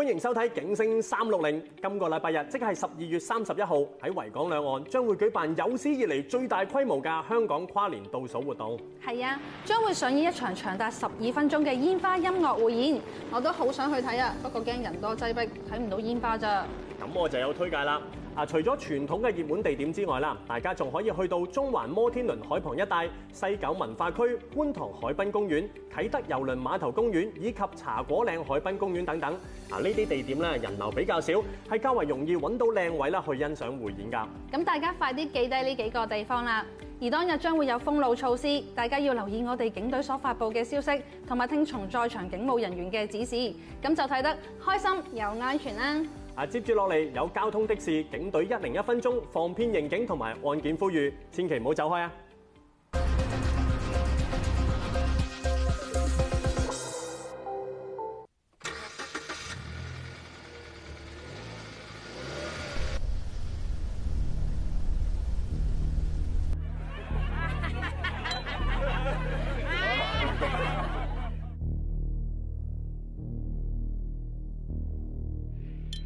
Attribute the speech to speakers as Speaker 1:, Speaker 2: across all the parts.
Speaker 1: 歡迎收睇《警聲三六零》。今個禮拜日，即係十二月三十一號，喺維港兩岸將會舉辦有史以嚟最大規模嘅香港跨年倒數活動。
Speaker 2: 係啊，將會上演一場長達十二分鐘嘅煙花音樂會演。我都好想去睇啊，不過驚人多擠迫，睇唔到煙花咋。
Speaker 1: 咁我就有推介啦。除咗傳統嘅熱門地點之外啦，大家仲可以去到中環摩天輪海旁一帶、西九文化區、觀塘海濱公園、啟德郵輪碼頭公園以及茶果嶺海濱公園等等。嗱，呢啲地點咧人流比較少，係較為容易揾到靚位啦去欣賞匯演㗎。
Speaker 2: 咁大家快啲記低呢幾個地方啦。而當日將會有封路措施，大家要留意我哋警隊所發布嘅消息，同埋聽從在場警務人員嘅指示。咁就睇得開心又安全啦。
Speaker 1: 啊！接住落嚟有交通的士，警隊一零一分鐘、防騙刑警同埋案件呼籲，千祈唔好走開啊！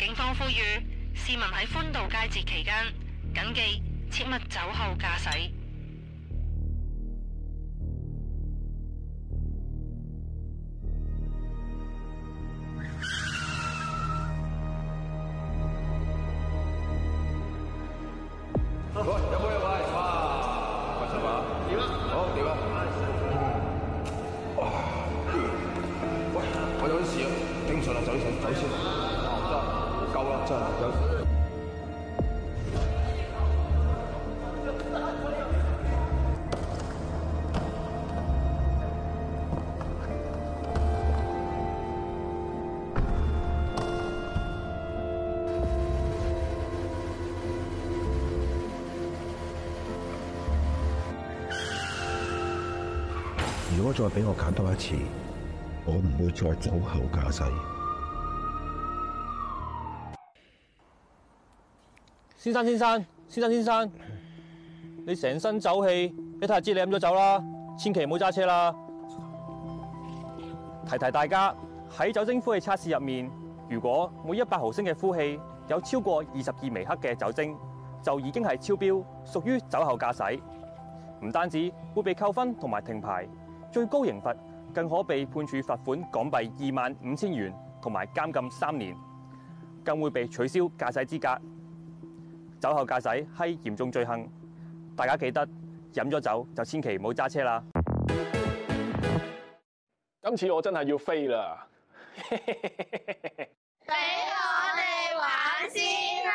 Speaker 3: 警方呼籲
Speaker 2: 市民喺歡度佳節期間，謹記切勿酒後駕駛。
Speaker 3: 喂，有冇嘢喂？啊，我走埋，好，點啊，啊？喂，我有啲事啊，頂住啦，走先，走先。如果再俾我揀多一次，我唔會再酒後駕駛。
Speaker 4: 先生，先生，先生，先生，你成身酒氣，你睇下知你飲咗酒啦。千祈唔好揸車啦。提提大家，喺酒精呼氣測試入面，如果每一百毫升嘅呼氣有超過二十二微克嘅酒精，就已經係超標，屬於酒後駕駛。唔單止會被扣分同埋停牌，最高刑罰更可被判處罰款港幣二萬五千元，同埋監禁三年，更會被取消駕駛資格。酒後駕駛，係嚴重罪行，大家記得飲咗酒就千祈唔好揸車啦。今次我真係要飛啦！
Speaker 2: 俾 我哋玩先啦！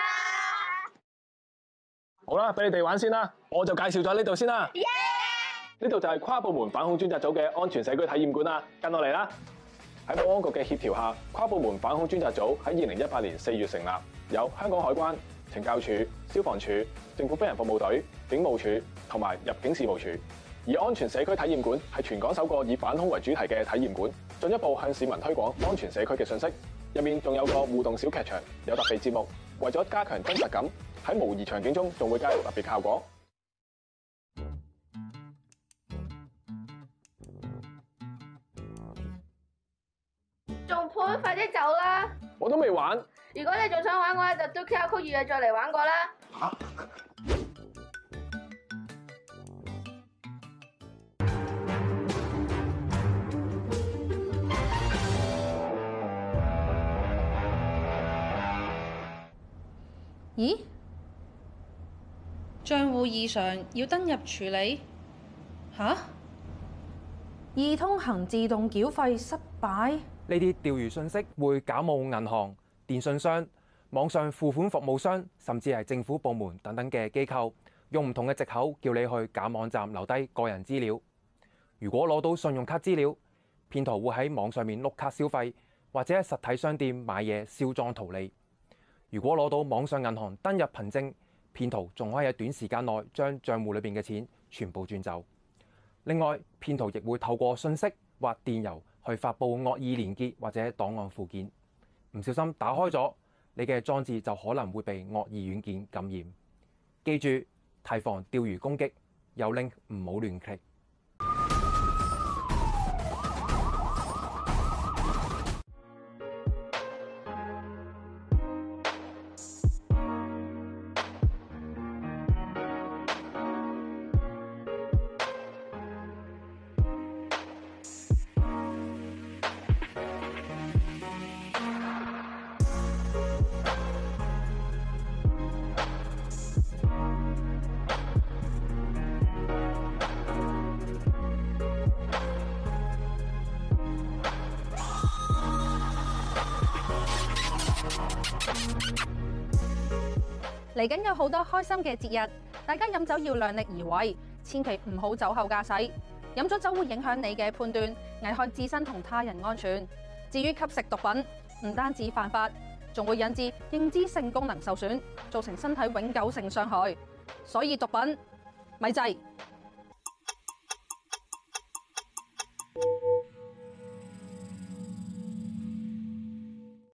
Speaker 1: 好啦，俾你哋玩先啦，我就介紹咗呢度先啦。呢、yeah! 度就係跨部門反恐專責組嘅安全社區體驗館啦，跟我嚟啦。喺保安局嘅協調下，跨部門反恐專責組喺二零一八年四月成立，有香港海關。懲教處、消防處、政府飛行服務隊、警務處同埋入境事務處。而安全社區體驗館係全港首個以反恐為主題嘅體驗館，進一步向市民推廣安全社區嘅信息。入面仲有一個互動小劇場，有特別節目，為咗加強真實感，喺模擬場景中仲會加入特別效果。
Speaker 2: 仲判，快啲走啦！
Speaker 4: 我都未玩。
Speaker 2: 如果你仲想玩嘅話，就 do 其他曲二啊，再嚟玩過
Speaker 4: 啦、
Speaker 2: 啊。咦？賬戶異常，要登入處理。吓、啊？易通行自動繳費失敗。
Speaker 3: 呢啲釣魚信息會假冒銀行。電信商、網上付款服務商，甚至係政府部門等等嘅機構，用唔同嘅藉口叫你去假網站留低個人資料。如果攞到信用卡資料，騙徒會喺網上面碌卡消費，或者喺實體商店買嘢銷贓圖利。如果攞到網上銀行登入憑證，騙徒仲可以喺短時間內將帳戶裏面嘅錢全部轉走。另外，騙徒亦會透過信息或電郵去發佈惡意連結或者檔案附件。唔小心打開咗，你嘅裝置就可能會被惡意軟件感染。記住提防釣魚攻擊，有 link 不要亂唔好亂 click。
Speaker 2: 嚟緊有好多開心嘅節日，大家飲酒要量力而為，千祈唔好酒後駕駛。飲咗酒會影響你嘅判斷，危害自身同他人安全。至於吸食毒品，唔單止犯法，仲會引致認知性功能受損，造成身體永久性傷害。所以毒品咪制。